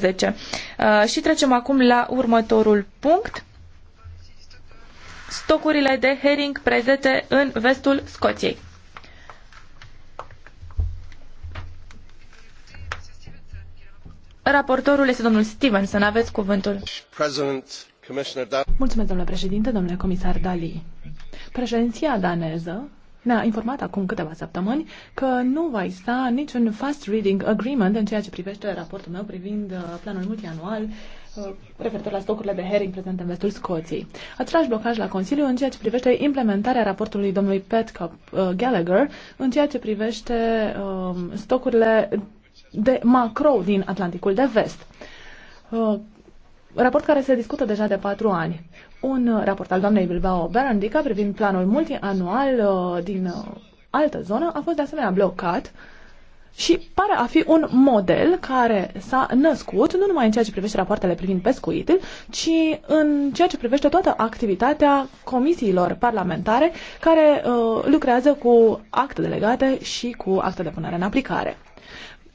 10. Uh, și trecem acum la următorul punct. Stocurile de hering prezente în vestul Scoției. Raportorul este domnul Stevenson. Aveți cuvântul. Mulțumesc, domnule președinte, domnule comisar Dali. Președinția daneză ne-a informat acum câteva săptămâni că nu va exista niciun fast reading agreement în ceea ce privește raportul meu privind uh, planul multianual uh, referitor la stocurile de herring prezente în vestul Scoției. Același blocaj la Consiliu în ceea ce privește implementarea raportului domnului Petcop uh, Gallagher în ceea ce privește um, stocurile de macro din Atlanticul de Vest raport care se discută deja de patru ani un raport al doamnei Bilbao Berandica privind planul multianual uh, din uh, altă zonă a fost de asemenea blocat și pare a fi un model care s-a născut nu numai în ceea ce privește rapoartele privind pescuitul, ci în ceea ce privește toată activitatea comisiilor parlamentare care uh, lucrează cu acte delegate și cu acte de punere în aplicare.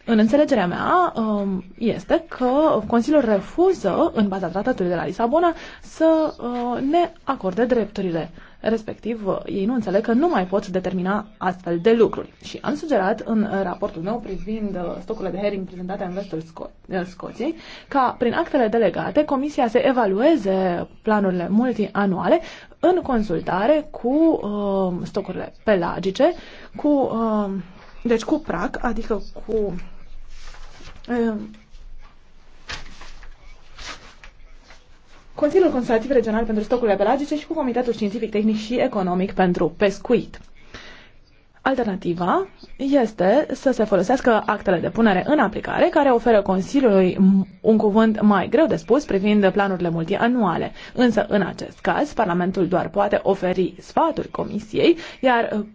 În înțelegerea mea um, este că Consiliul refuză, în baza tratatului de la Lisabona, să uh, ne acorde drepturile. Respectiv, uh, ei nu înțeleg că nu mai pot determina astfel de lucruri. Și am sugerat în raportul meu privind uh, stocurile de hering prezentate în vestul Sco- Scoției ca, prin actele delegate, Comisia să evalueze planurile multianuale în consultare cu uh, stocurile pelagice, cu, uh, deci cu prac, adică cu Ehm, Consiliul Consultativ Regional pentru Stocurile Pelagice și cu Comitetul Științific, Tehnic și Economic pentru Pescuit. Alternativa este să se folosească actele de punere în aplicare care oferă Consiliului un cuvânt mai greu de spus privind planurile multianuale. Însă, în acest caz, Parlamentul doar poate oferi sfaturi Comisiei, iar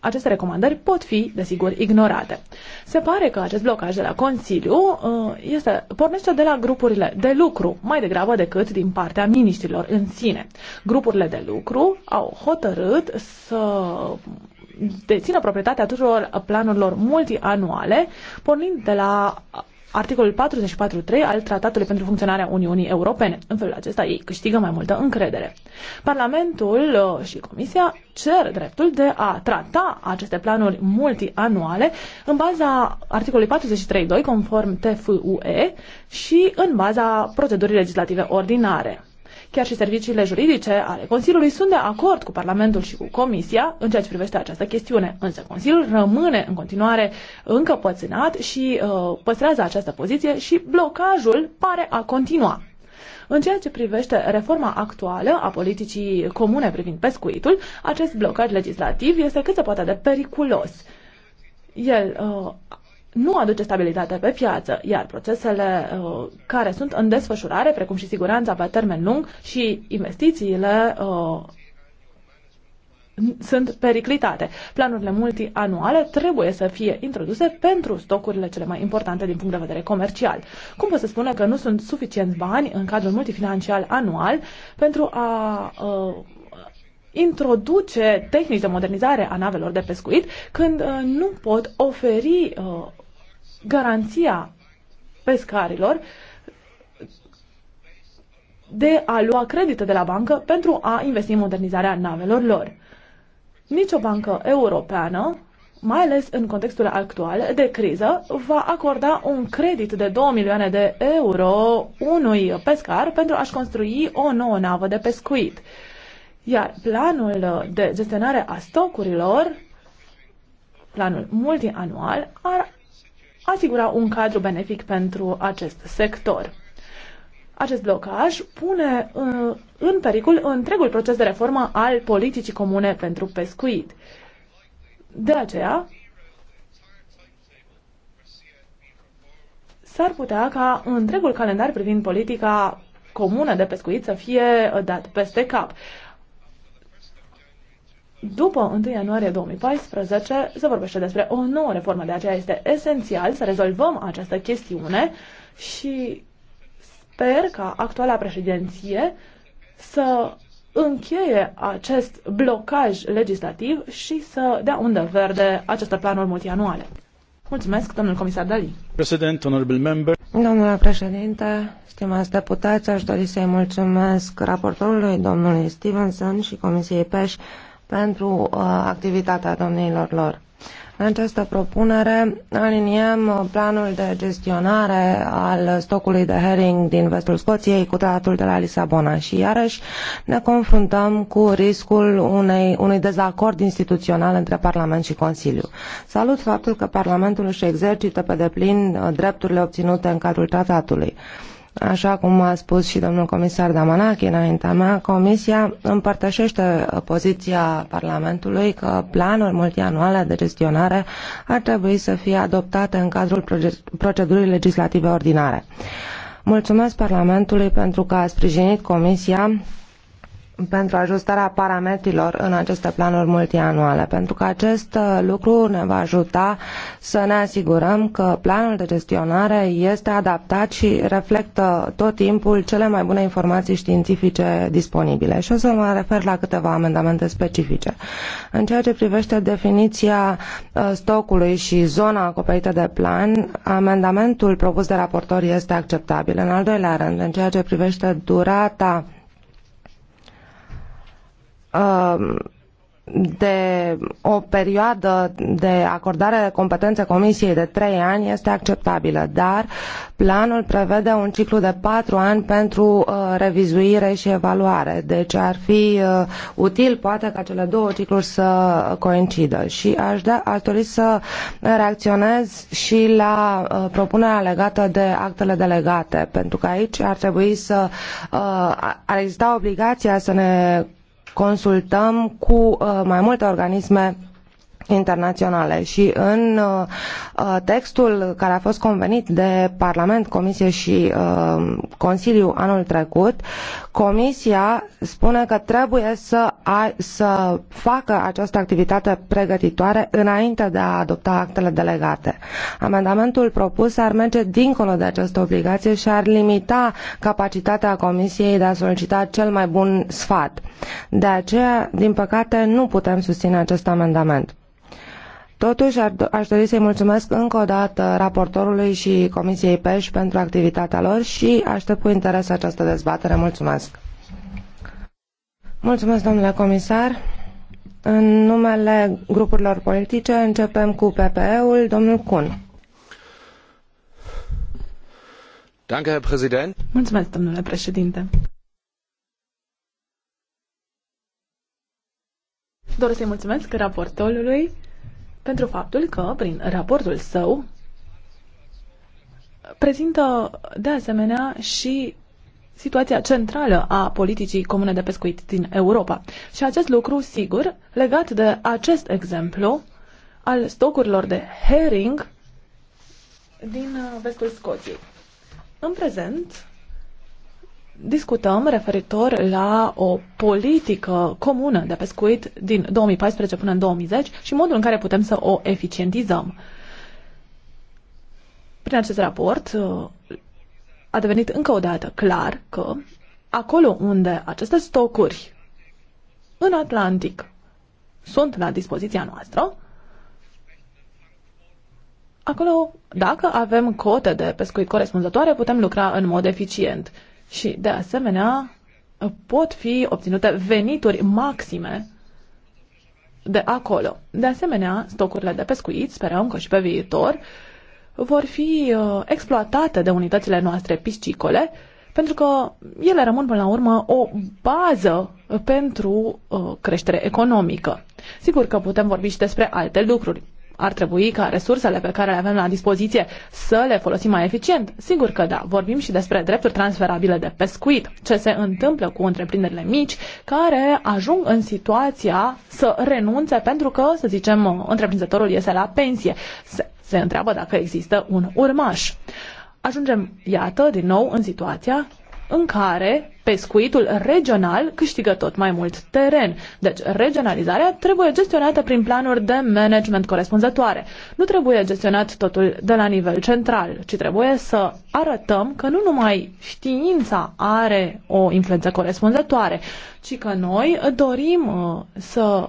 aceste recomandări pot fi, desigur, ignorate. Se pare că acest blocaj de la Consiliu uh, este, pornește de la grupurile de lucru, mai degrabă decât din partea miniștrilor în sine. Grupurile de lucru au hotărât să dețină proprietatea tuturor planurilor multianuale, pornind de la articolul 44.3 al Tratatului pentru funcționarea Uniunii Europene. În felul acesta ei câștigă mai multă încredere. Parlamentul uh, și Comisia cer dreptul de a trata aceste planuri multianuale în baza articolului 43.2 conform TFUE și în baza procedurii legislative ordinare. Chiar și serviciile juridice ale Consiliului sunt de acord cu Parlamentul și cu Comisia în ceea ce privește această chestiune. Însă Consiliul rămâne în continuare încăpățânat și uh, păstrează această poziție și blocajul pare a continua. În ceea ce privește reforma actuală a politicii comune privind pescuitul, acest blocaj legislativ este cât se poate de periculos. El uh, nu aduce stabilitate pe piață, iar procesele uh, care sunt în desfășurare, precum și siguranța pe termen lung și investițiile, uh, sunt periclitate. Planurile multianuale trebuie să fie introduse pentru stocurile cele mai importante din punct de vedere comercial. Cum pot să spună că nu sunt suficienți bani în cadrul multifinancial anual pentru a uh, introduce tehnici de modernizare a navelor de pescuit când uh, nu pot oferi uh, garanția pescarilor de a lua credite de la bancă pentru a investi în modernizarea navelor lor. Nici o bancă europeană, mai ales în contextul actual de criză, va acorda un credit de 2 milioane de euro unui pescar pentru a-și construi o nouă navă de pescuit. Iar planul uh, de gestionare a stocurilor, planul multianual, ar asigura un cadru benefic pentru acest sector. Acest blocaj pune uh, în pericol întregul proces de reformă al politicii comune pentru pescuit. De aceea, s-ar putea ca întregul calendar privind politica comună de pescuit să fie uh, dat peste cap după 1 ianuarie 2014 se vorbește despre o nouă reformă, de aceea este esențial să rezolvăm această chestiune și sper ca actuala președinție să încheie acest blocaj legislativ și să dea undă verde aceste planuri multianuale. Mulțumesc, domnul comisar Dali. President, honorable member. Domnule președinte, stimați deputați, aș dori să-i mulțumesc raportorului, domnului Stevenson și Comisiei PEș pentru uh, activitatea domniilor lor. În această propunere aliniem uh, planul de gestionare al stocului de herring din vestul Scoției cu tratatul de la Lisabona și iarăși ne confruntăm cu riscul unei, unui dezacord instituțional între Parlament și Consiliu. Salut faptul că Parlamentul își exercită pe deplin uh, drepturile obținute în cadrul tratatului. Așa cum a spus și domnul comisar Damanachi înaintea mea, Comisia împărtășește poziția Parlamentului că planuri multianuale de gestionare ar trebui să fie adoptate în cadrul procedurii legislative ordinare. Mulțumesc Parlamentului pentru că a sprijinit Comisia pentru ajustarea parametrilor în aceste planuri multianuale, pentru că acest uh, lucru ne va ajuta să ne asigurăm că planul de gestionare este adaptat și reflectă tot timpul cele mai bune informații științifice disponibile. Și o să mă refer la câteva amendamente specifice. În ceea ce privește definiția uh, stocului și zona acoperită de plan, amendamentul propus de raportor este acceptabil. În al doilea rând, în ceea ce privește durata Um, de o perioadă de acordare de competențe Comisiei de trei ani este acceptabilă, dar planul prevede un ciclu de patru ani pentru uh, revizuire și evaluare. Deci ar fi uh, util poate ca cele două cicluri să coincidă. Și aș, da, aș dori să reacționez și la uh, propunerea legată de actele delegate, pentru că aici ar trebui să uh, ar exista obligația să ne consultăm cu uh, mai multe organisme internaționale și în uh, uh, textul care a fost convenit de Parlament, Comisie și uh, Consiliu anul trecut, Comisia spune că trebuie să, să facă această activitate pregătitoare înainte de a adopta actele delegate. Amendamentul propus ar merge dincolo de această obligație și ar limita capacitatea Comisiei de a solicita cel mai bun sfat. De aceea, din păcate, nu putem susține acest amendament. Totuși, aș dori să-i mulțumesc încă o dată raportorului și Comisiei PEș pentru activitatea lor și aștept cu interes această dezbatere. Mulțumesc! Mulțumesc, domnule comisar! În numele grupurilor politice începem cu PPE-ul, domnul Kun. Mulțumesc, domnule președinte! Doresc să-i mulțumesc raportorului pentru faptul că, prin raportul său, prezintă de asemenea și situația centrală a politicii comune de pescuit din Europa. Și acest lucru, sigur, legat de acest exemplu al stocurilor de herring din vestul Scoției. În prezent, discutăm referitor la o politică comună de pescuit din 2014 până în 2010 și modul în care putem să o eficientizăm. Prin acest raport uh, a devenit încă o dată clar că acolo unde aceste stocuri în Atlantic sunt la dispoziția noastră, acolo, dacă avem cote de pescuit corespunzătoare, putem lucra în mod eficient și, de asemenea, pot fi obținute venituri maxime de acolo. De asemenea, stocurile de pescuit, sperăm că și pe viitor, vor fi uh, exploatate de unitățile noastre piscicole, pentru că ele rămân până la urmă o bază pentru uh, creștere economică. Sigur că putem vorbi și despre alte lucruri. Ar trebui ca resursele pe care le avem la dispoziție să le folosim mai eficient? Sigur că da. Vorbim și despre drepturi transferabile de pescuit. Ce se întâmplă cu întreprinderile mici care ajung în situația să renunțe pentru că, să zicem, întreprinzătorul iese la pensie. Se, se întreabă dacă există un urmaș. Ajungem, iată, din nou în situația în care pescuitul regional câștigă tot mai mult teren. Deci, regionalizarea trebuie gestionată prin planuri de management corespunzătoare. Nu trebuie gestionat totul de la nivel central, ci trebuie să arătăm că nu numai știința are o influență corespunzătoare, ci că noi dorim uh, să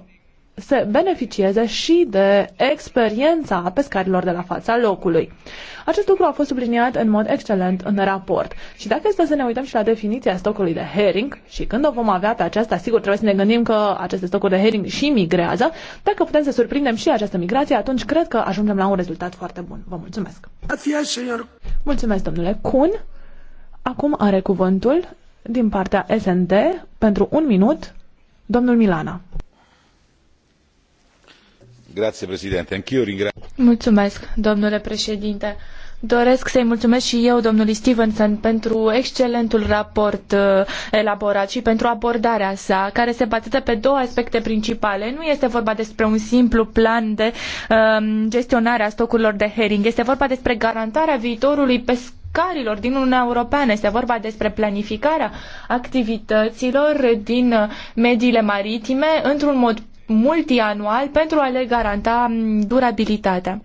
se beneficieze și de experiența pescarilor de la fața locului. Acest lucru a fost subliniat în mod excelent în raport. Și dacă este să ne uităm și la definiția stocului de herring, și când o vom avea pe aceasta, sigur trebuie să ne gândim că aceste stocuri de herring și migrează, dacă putem să surprindem și această migrație, atunci cred că ajungem la un rezultat foarte bun. Vă mulțumesc! Mulțumesc, domnule Kun! Acum are cuvântul din partea SND pentru un minut, domnul Milana. Mulțumesc, domnule președinte. Doresc să-i mulțumesc și eu, domnului Stevenson, pentru excelentul raport uh, elaborat și pentru abordarea sa, care se bazează pe două aspecte principale. Nu este vorba despre un simplu plan de um, gestionare a stocurilor de herring, este vorba despre garantarea viitorului pescarilor din Uniunea Europeană. Este vorba despre planificarea activităților din uh, mediile maritime într-un mod multianual pentru a le garanta durabilitatea.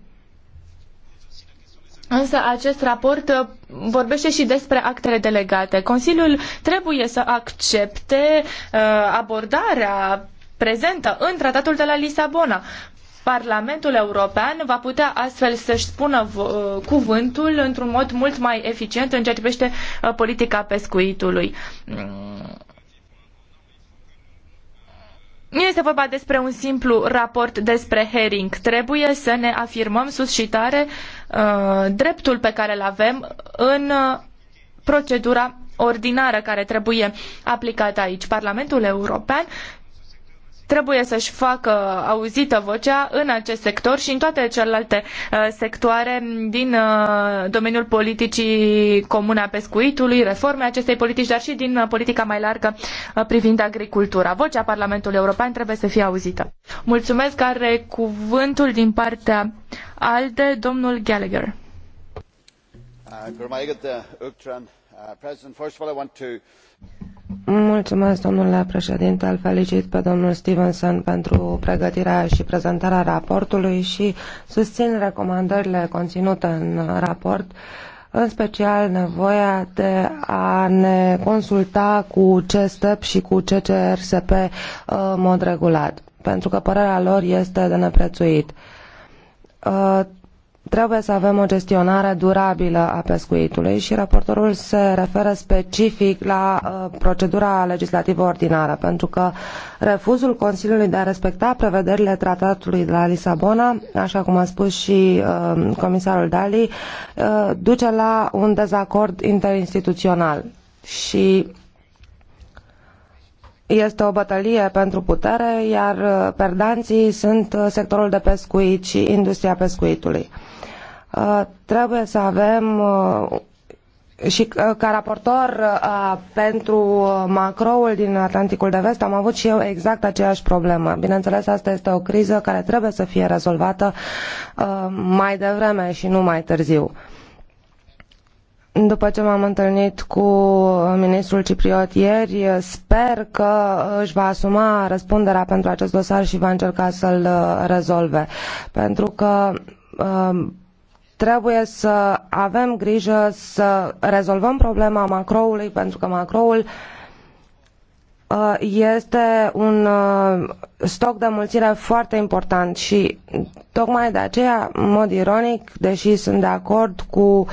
Însă acest raport uh, vorbește și despre actele delegate. Consiliul trebuie să accepte uh, abordarea prezentă în Tratatul de la Lisabona. Parlamentul European va putea astfel să-și spună uh, cuvântul într-un mod mult mai eficient în ceea ce privește politica pescuitului. Mm. Nu este vorba despre un simplu raport despre Hering. Trebuie să ne afirmăm sus și tare uh, dreptul pe care îl avem în uh, procedura ordinară care trebuie aplicată aici. Parlamentul European trebuie să-și facă auzită vocea în acest sector și în toate celelalte uh, sectoare din uh, domeniul politicii comune a pescuitului, reforme acestei politici, dar și din uh, politica mai largă privind agricultura. Vocea Parlamentului European trebuie să fie auzită. Mulțumesc, are cuvântul din partea ALDE, domnul Gallagher. Uh, Uh, domnule președinte. Îl felicit pe domnul Stevenson pentru pregătirea și prezentarea raportului și susțin recomandările conținute în raport în special nevoia de a ne consulta cu CSTEP și cu CCRSP uh, în mod regulat, pentru că părerea lor este de neprețuit uh, Trebuie să avem o gestionare durabilă a pescuitului și raportorul se referă specific la uh, procedura legislativă ordinară, pentru că refuzul Consiliului de a respecta prevederile tratatului de la Lisabona, așa cum a spus și uh, comisarul Dali, uh, duce la un dezacord interinstituțional. Și este o bătălie pentru putere, iar perdanții sunt sectorul de pescuit și industria pescuitului. Uh, trebuie să avem uh, și uh, ca raportor pentru macroul din Atlanticul de Vest am avut și eu exact aceeași problemă. Bineînțeles, asta este o criză care trebuie să fie rezolvată mai devreme și nu mai târziu. După ce m-am întâlnit cu ministrul Cipriot ieri, sper că își va asuma răspunderea pentru acest dosar și va încerca să-l rezolve. Pentru că trebuie să avem grijă să rezolvăm problema macroului, pentru că macroul uh, este un uh, stoc de mulțire foarte important și tocmai de aceea, în mod ironic, deși sunt de acord cu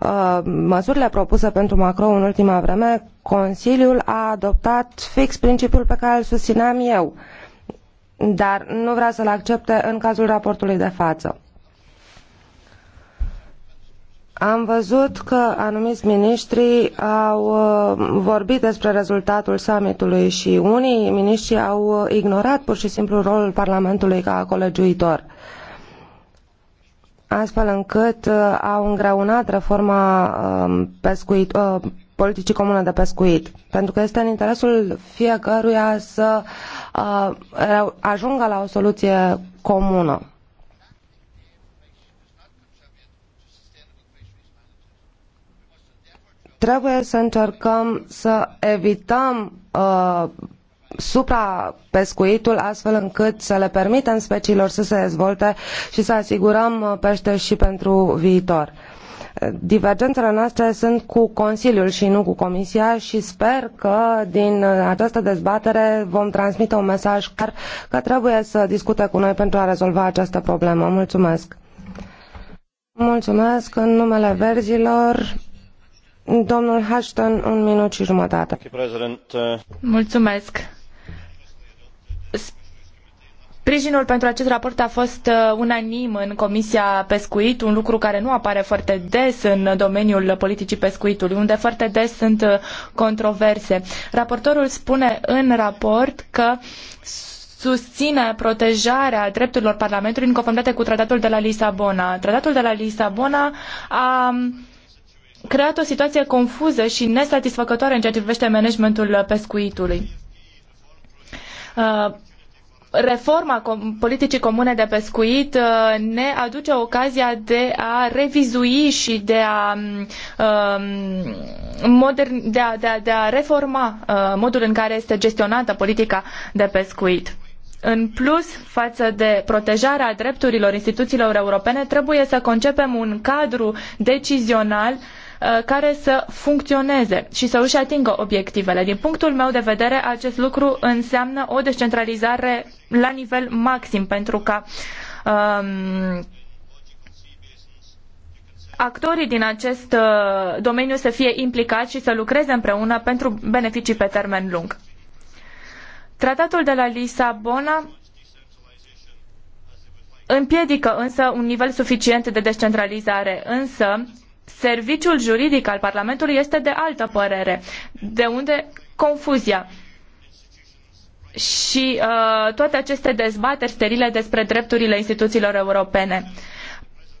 uh, măsurile propuse pentru macro în ultima vreme, Consiliul a adoptat fix principiul pe care îl susțineam eu, dar nu vrea să-l accepte în cazul raportului de față. Am văzut că anumiți miniștri au uh, vorbit despre rezultatul summitului și unii miniștri au uh, ignorat pur și simplu rolul Parlamentului ca colegiuitor astfel încât uh, au îngreunat reforma um, pescuit, politicii comune de pescuit. Pentru că este în interesul fiecăruia să ajungă la o soluție comună. Trebuie să încercăm să evităm uh, suprapescuitul astfel încât să le permitem speciilor să se dezvolte și să asigurăm uh, pește și pentru viitor. Divergențele noastre sunt cu Consiliul și nu cu Comisia și sper că din uh, această dezbatere vom transmite un mesaj clar că trebuie să discute cu noi pentru a rezolva această problemă. Mulțumesc! Mulțumesc în numele verzilor. Domnul Ashton, un minut și jumătate. Mulțumesc. Sprijinul pentru acest raport a fost uh, unanim în Comisia Pescuit, un lucru care nu apare foarte des în domeniul politicii pescuitului, unde foarte des sunt uh, controverse. Raportorul spune în raport că susține protejarea drepturilor Parlamentului în conformitate cu Tratatul de la Lisabona. Tratatul de la Lisabona a creat o situație confuză și nesatisfăcătoare în ceea ce privește managementul pescuitului. Uh, reforma politicii comune de pescuit uh, ne aduce ocazia de a revizui și de a, um, modern, de a, de a, de a reforma uh, modul în care este gestionată politica de pescuit. În plus, față de protejarea drepturilor instituțiilor europene, trebuie să concepem un cadru decizional uh, Uh, care să funcționeze și să își atingă obiectivele. Din punctul meu de vedere, acest lucru înseamnă o descentralizare la nivel maxim pentru ca um, actorii din acest uh, domeniu să fie implicați și să lucreze împreună pentru beneficii pe termen lung. Tratatul de la Lisabona împiedică însă un nivel suficient de descentralizare, însă Serviciul juridic al Parlamentului este de altă părere, de unde confuzia. Și uh, toate aceste dezbateri sterile despre drepturile instituțiilor europene.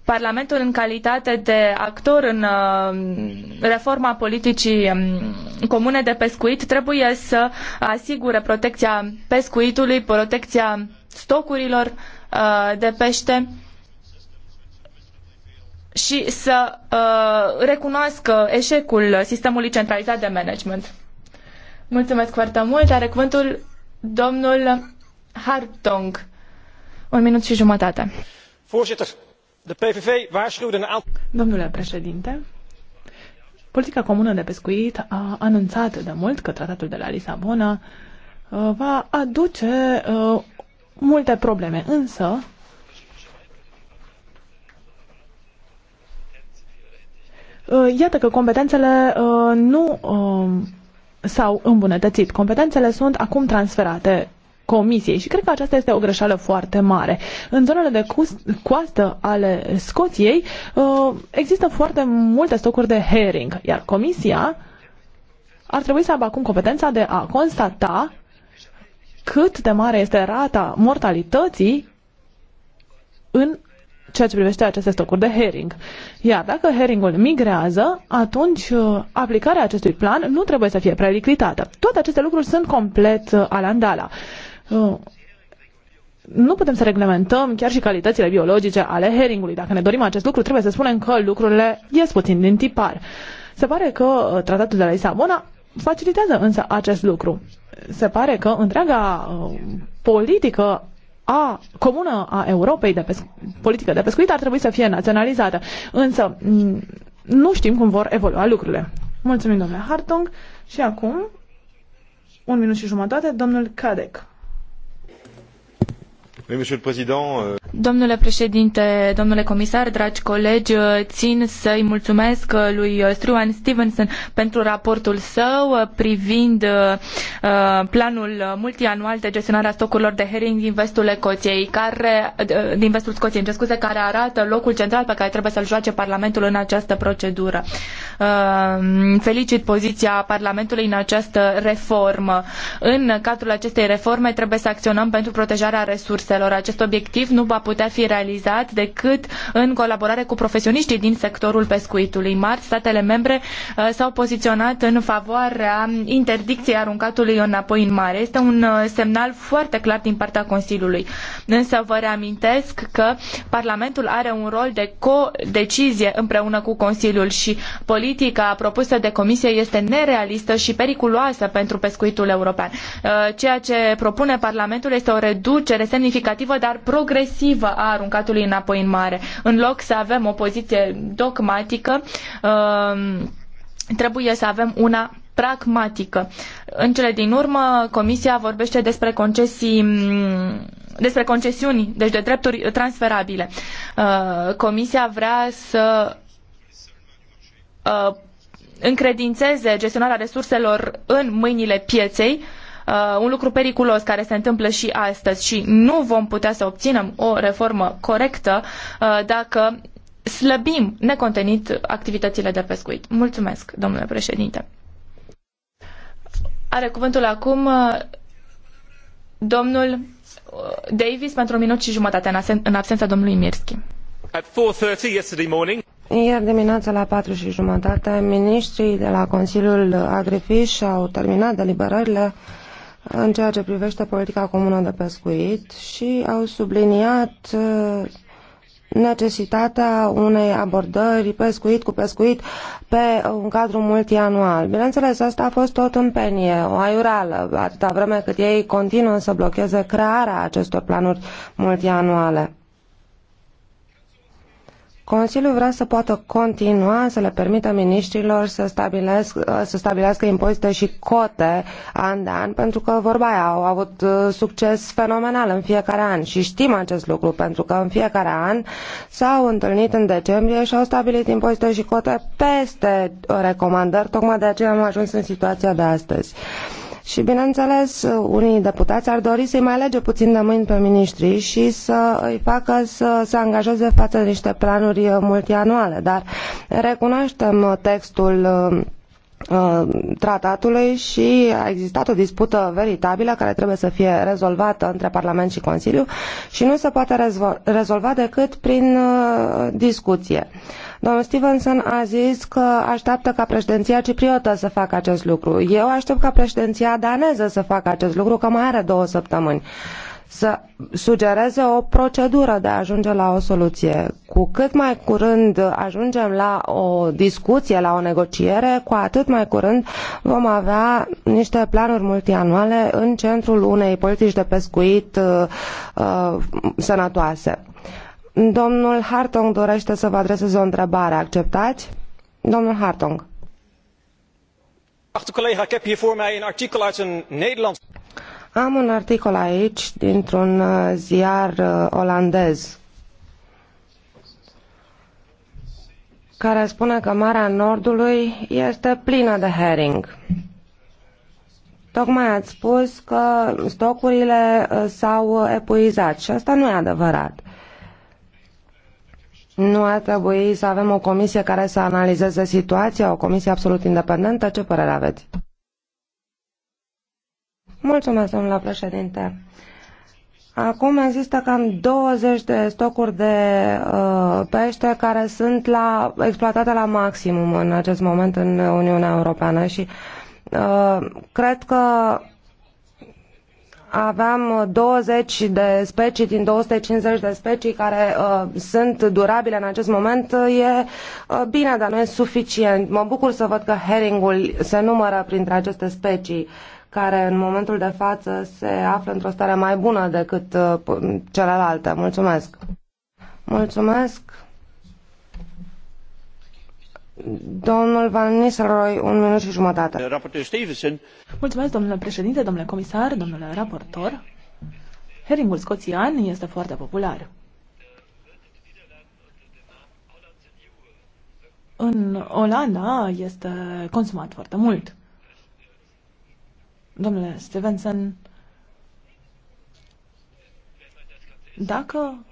Parlamentul, în calitate de actor în uh, reforma politicii um, comune de pescuit, trebuie să asigure protecția pescuitului, protecția stocurilor uh, de pește și să uh, recunoască eșecul sistemului centralizat de management. Mulțumesc foarte mult. Are cuvântul domnul Hartong. Un minut și jumătate. Voorzitter, de PVV waarschuwde een aantal... Domnule președinte, politica comună de pescuit a anunțat de mult că tratatul de la Lisabona uh, va aduce uh, multe probleme, însă Uh, iată că competențele uh, nu um, s-au îmbunătățit. Competențele sunt acum transferate Comisiei și cred că aceasta este o greșeală foarte mare. În zonele de coastă ale Scoției uh, există foarte multe stocuri de herring, iar Comisia ar trebui să aibă acum competența de a constata cât de mare este rata mortalității în ceea ce privește aceste stocuri de herring. Iar dacă herringul migrează, atunci uh, aplicarea acestui plan nu trebuie să fie prelicritată. Toate aceste lucruri sunt complet alandala. Uh, uh, nu putem să reglementăm chiar și calitățile biologice ale herringului. Dacă ne dorim acest lucru, trebuie să spunem că lucrurile ies puțin din tipar. Se pare că tratatul de la Lisabona facilitează însă acest lucru. Se pare că întreaga politică a comună a Europei de pesc- politică de pescuit ar trebui să fie naționalizată. Însă nu știm cum vor evolua lucrurile. Mulțumim, domnule Hartung. Și acum, un minut și jumătate, domnul Cadec. Oui, monsieur le président. Euh... Domnule președinte, domnule comisar, dragi colegi, țin să-i mulțumesc lui Struan Stevenson pentru raportul său privind uh, planul multianual de gestionare a stocurilor de herring din vestul Scoției, care, uh, din vestul Scoției, îmi scuze, care arată locul central pe care trebuie să-l joace Parlamentul în această procedură. Uh, felicit poziția Parlamentului în această reformă. În cadrul acestei reforme trebuie să acționăm pentru protejarea resurselor. Acest obiectiv nu va putea fi realizat decât în colaborare cu profesioniștii din sectorul pescuitului. mart statele membre uh, s-au poziționat în favoarea interdicției aruncatului înapoi în mare. Este un uh, semnal foarte clar din partea Consiliului. Însă vă reamintesc că Parlamentul are un rol de co-decizie împreună cu Consiliul și politica propusă de Comisie este nerealistă și periculoasă pentru pescuitul european. Uh, ceea ce propune Parlamentul este o reducere semnificativă, dar progresivă împotrivă a aruncatului înapoi în mare. În loc să avem o poziție dogmatică, um, trebuie să avem una pragmatică. În cele din urmă, Comisia vorbește despre concesii despre concesiuni, deci de drepturi transferabile. Uh, Comisia vrea să uh, încredințeze gestionarea resurselor în mâinile pieței Uh, un lucru periculos care se întâmplă și astăzi și nu vom putea să obținem o reformă corectă uh, dacă slăbim necontenit activitățile de pescuit. Mulțumesc, domnule președinte. Are cuvântul acum uh, domnul Davis pentru un minut și jumătate în, absen- în absența domnului Mirski. Ieri dimineața la patru și jumătate, ministrii de la Consiliul Agrifish au terminat deliberările în ceea ce privește politica comună de pescuit și au subliniat uh, necesitatea unei abordări pescuit cu pescuit pe un cadru multianual. Bineînțeles, asta a fost tot în penie, o aiureală, atâta vreme cât ei continuă să blocheze crearea acestor planuri multianuale. Consiliul vrea să poată continua să le permită miniștrilor să, să stabilească impozite și cote an de an, pentru că vorba aia au avut uh, succes fenomenal în fiecare an și știm acest lucru, pentru că în fiecare an s-au întâlnit în decembrie și au stabilit impozite și cote peste uh, recomandări, tocmai de aceea am ajuns în situația de astăzi. Uh, și, bineînțeles, unii deputați ar dori să-i mai alege puțin de mâini pe miniștri și să îi facă să se angajeze față de niște planuri multianuale. Dar recunoaștem textul uh, tratatului și a existat o dispută veritabilă care trebuie să fie rezolvată între Parlament și Consiliu și nu se poate rezolva decât prin uh, discuție. Domnul Stevenson a zis că așteaptă ca președinția cipriotă să facă acest lucru. Eu aștept ca președinția daneză să facă acest lucru, că mai are două săptămâni să sugereze o procedură de a ajunge la o soluție. Cu cât mai curând ajungem la o discuție, la o negociere, cu atât mai curând vom avea niște planuri multianuale în centrul unei politici de pescuit uh, uh sănătoase. Uh, Domnul Hartong dorește să vă adreseze o întrebare. Acceptați? Domnul Hartong. Geachte collega, Am un articol aici dintr-un uh, ziar uh, olandez care spune că Marea Nordului este plină de herring. Tocmai ați spus că stocurile uh, s-au epuizat și asta nu e adevărat. Uh, nu ar trebui să avem o comisie care să analizeze situația, o comisie absolut independentă? Ce părere aveți? Mulțumesc, domnule președinte. Acum există cam 20 de stocuri de uh, pește care sunt la, exploatate la maximum în acest moment în Uniunea Europeană și uh, cred că aveam 20 uh, de specii din 250 de specii care uh, sunt durabile în acest moment, uh, e uh, bine, dar nu e suficient. Mă bucur să văd că herringul se numără printre aceste specii care în momentul de față se află într-o stare mai bună decât uh, celelalte. Mulțumesc! Mulțumesc! Domnul Van Nistelrooy, un minut și jumătate. Mulțumesc, domnule președinte, domnule comisar, domnule raportor. Heringul scoțian este foarte popular. În Olanda este consumat foarte mult. Domnule Stevenson, dacă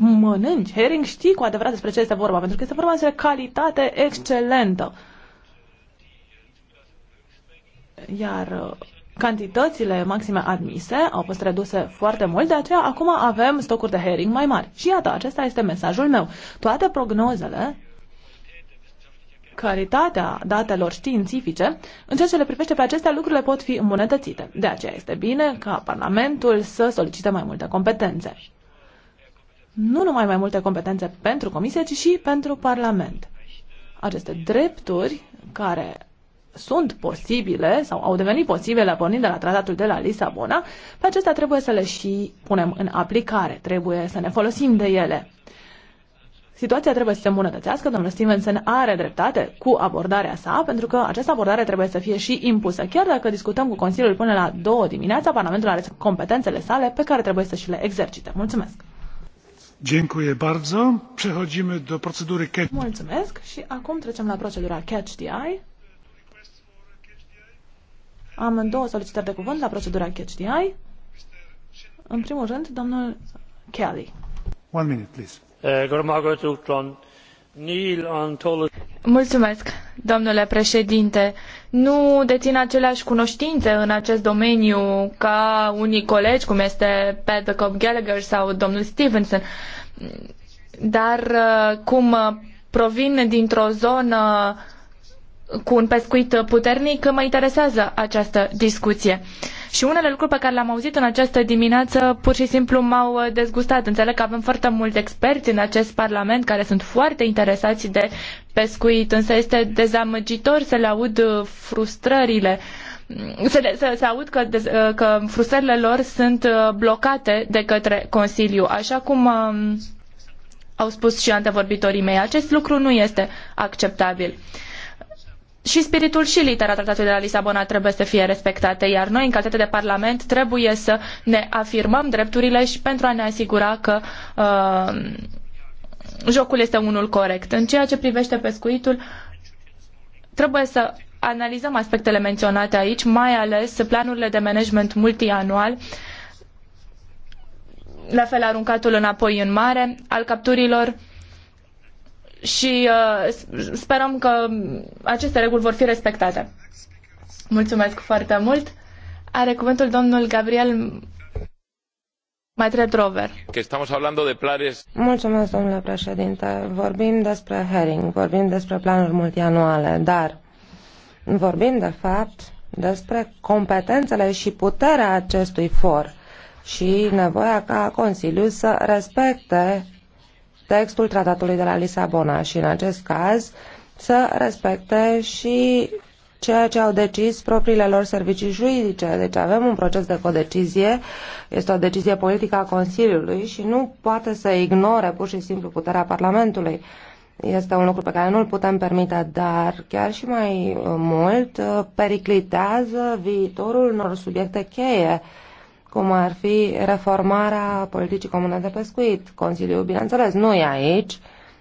mănânci herring știi cu adevărat despre ce este vorba, pentru că este vorba despre calitate excelentă. Iar uh, cantitățile maxime admise au fost reduse foarte mult, de aceea acum avem stocuri de herring mai mari. Și iată, acesta este mesajul meu. Toate prognozele calitatea datelor științifice, în ceea ce le privește pe acestea, lucrurile pot fi îmbunătățite. De aceea este bine ca Parlamentul să solicite mai multe competențe nu numai mai multe competențe pentru Comisie, ci și pentru Parlament. Aceste drepturi care sunt posibile sau au devenit posibile pornind de la tratatul de la Lisabona, pe acestea trebuie să le și punem în aplicare, trebuie să ne folosim de ele. Situația trebuie să se îmbunătățească, domnul Stevenson are dreptate cu abordarea sa, pentru că această abordare trebuie să fie și impusă. Chiar dacă discutăm cu Consiliul până la două dimineața, Parlamentul are competențele sale pe care trebuie să și le exercite. Mulțumesc! Mulțumesc și acum trecem la procedura Catch the Eye. Am două solicitări de cuvânt la procedura Catch the Eye. În primul rând, domnul Kelly. One minute, please. Eh, Mulțumesc, domnule președinte. Nu dețin aceleași cunoștințe în acest domeniu ca unii colegi, cum este Pat the Gallagher sau domnul Stevenson, dar uh, cum uh, provin dintr-o zonă cu un pescuit puternic, mă interesează această discuție. Uh, și unele lucruri pe care le-am auzit în această dimineață pur și simplu m-au uh, dezgustat. Înțeleg că avem foarte mulți experți în acest Parlament care sunt foarte interesați de pescuit, însă este dezamăgitor să le aud uh, frustrările mm, să, să, să aud că, uh, că frustrările lor sunt blocate de către Consiliu. Așa cum um, au spus și antevorbitorii mei, acest lucru nu este acceptabil. Uh, și spiritul și litera tratatului de la Lisabona trebuie să fie respectate, iar noi, în calitate de Parlament, trebuie să ne afirmăm drepturile și pentru a ne asigura că uh, jocul este unul corect. În ceea ce privește pescuitul, trebuie să analizăm aspectele menționate aici, mai ales planurile de management multianual, la fel aruncatul înapoi în mare, al capturilor și uh, sperăm că aceste reguli vor fi respectate. Mulțumesc foarte mult. Are cuvântul domnul Gabriel Mulțumesc, domnule președinte. Vorbim despre herring, vorbim despre planuri multianuale, dar vorbim de fapt despre competențele și puterea acestui for și nevoia ca Consiliul să respecte textul tratatului de la Lisabona și în acest caz să respecte și ceea ce au decis propriile lor servicii juridice. Deci avem un proces de codecizie, este o decizie politică a Consiliului și nu poate să ignore pur și simplu puterea Parlamentului. Este un lucru pe care nu îl putem permite, dar chiar și mai mult periclitează viitorul unor subiecte cheie uh, cum ar fi reformarea politicii comune de pescuit. Consiliul, bineînțeles, nu e aici,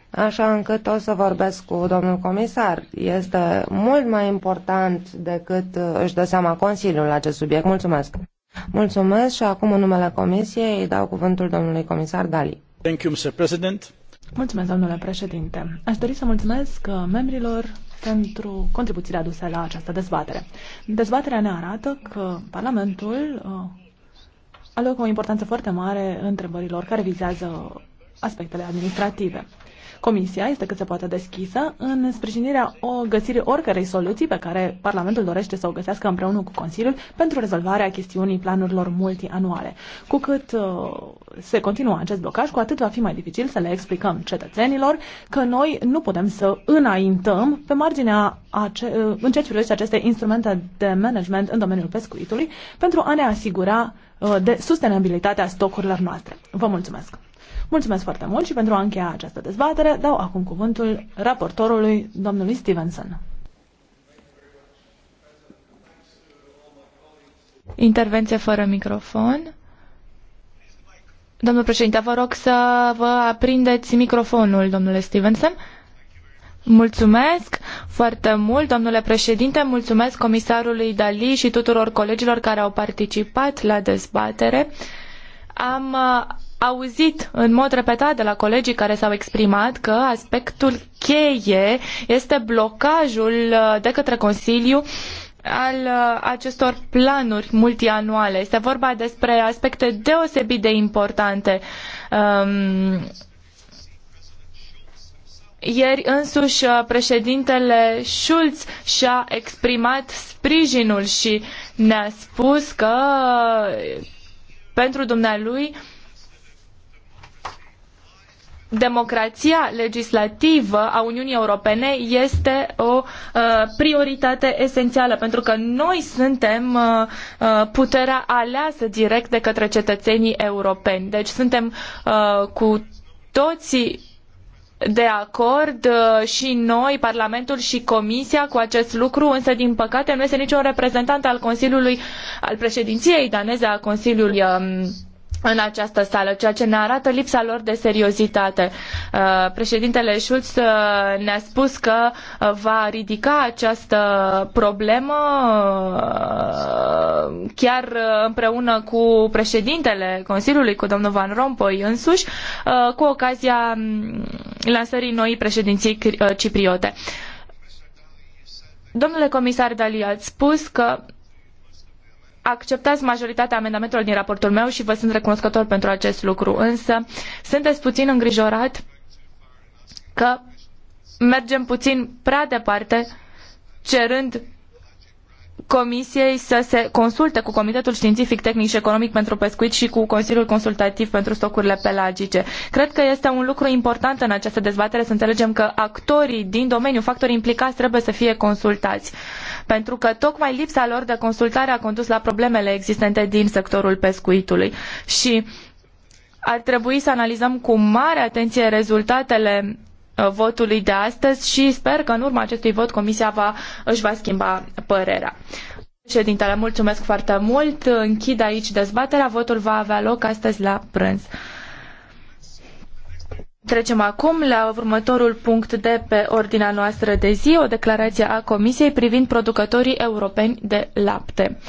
așa încât o să vorbesc cu domnul comisar. Este mult mai important decât uh, își dă seama Consiliul la acest subiect. Mulțumesc! Mulțumesc și acum în numele Comisiei îi dau cuvântul domnului comisar Dali. Thank you, Mr. President. Mulțumesc, domnule președinte. Aș dori să mulțumesc uh, membrilor pentru contribuțiile aduse la această dezbatere. Dezbaterea ne arată că Parlamentul uh, aloc o importanță foarte mare întrebărilor care vizează aspectele administrative. Comisia este cât se poate deschisă în sprijinirea o găsirii oricărei soluții pe care Parlamentul dorește să o găsească împreună cu Consiliul pentru rezolvarea chestiunii planurilor multianuale. Cu cât uh, se continuă acest blocaj, cu atât va fi mai dificil să le explicăm cetățenilor că noi nu putem să înaintăm pe marginea ace- uh, în ceea ce privește aceste instrumente de management în domeniul pescuitului pentru a ne asigura uh, de sustenabilitatea stocurilor noastre. Vă mulțumesc! Mulțumesc foarte mult și pentru a încheia această dezbatere dau acum cuvântul raportorului domnului Stevenson. Intervenție fără microfon. Domnul președinte, vă rog să vă aprindeți microfonul, domnule Stevenson. Mulțumesc foarte mult, domnule președinte, mulțumesc comisarului Dali și tuturor colegilor care au participat la dezbatere. Am auzit în mod repetat de la colegii care s-au exprimat că aspectul cheie este blocajul uh, de către Consiliu al uh, acestor planuri multianuale. Este vorba despre aspecte deosebit de importante. Um, ieri însuși uh, președintele Schulz și-a exprimat sprijinul și ne-a spus că pentru dumnealui uh, democrația legislativă a Uniunii Europene este o uh, prioritate esențială, pentru că noi suntem uh, uh, puterea aleasă direct de către cetățenii europeni. Deci suntem cu toții de acord și noi, Parlamentul și Comisia cu acest lucru, însă din păcate nu este niciun reprezentant al Consiliului, al președinției daneze a Consiliului um, în această sală, ceea ce ne arată lipsa lor de seriozitate. Uh, președintele Schulz uh, ne-a spus că uh, va ridica această problemă chiar împreună cu președintele Consiliului, cu domnul Van Rompuy însuși, cu ocazia mm, lansării noii președinții cipriote. Domnule comisar Dali, ați spus că acceptați majoritatea amendamentelor din raportul meu și vă sunt recunoscător pentru acest lucru, însă sunteți puțin îngrijorat că mergem puțin prea departe cerând Comisiei să se consulte cu Comitetul Științific, Tehnic și Economic pentru Pescuit și cu Consiliul Consultativ pentru Stocurile Pelagice. Cred că este un lucru important în această dezbatere să înțelegem că actorii din domeniu, factorii implicați, trebuie să fie consultați. Pentru că tocmai lipsa lor de consultare a condus la problemele existente din sectorul pescuitului. Și ar trebui să analizăm cu mare atenție rezultatele Uh, votului de astăzi și sper că în urma acestui vot Comisia va, își va schimba părerea. Președintele, mulțumesc foarte mult. Închid aici dezbaterea. Votul va avea loc astăzi la prânz. Trecem acum la următorul punct de pe ordinea noastră de zi, o declarație a Comisiei privind producătorii europeni de lapte.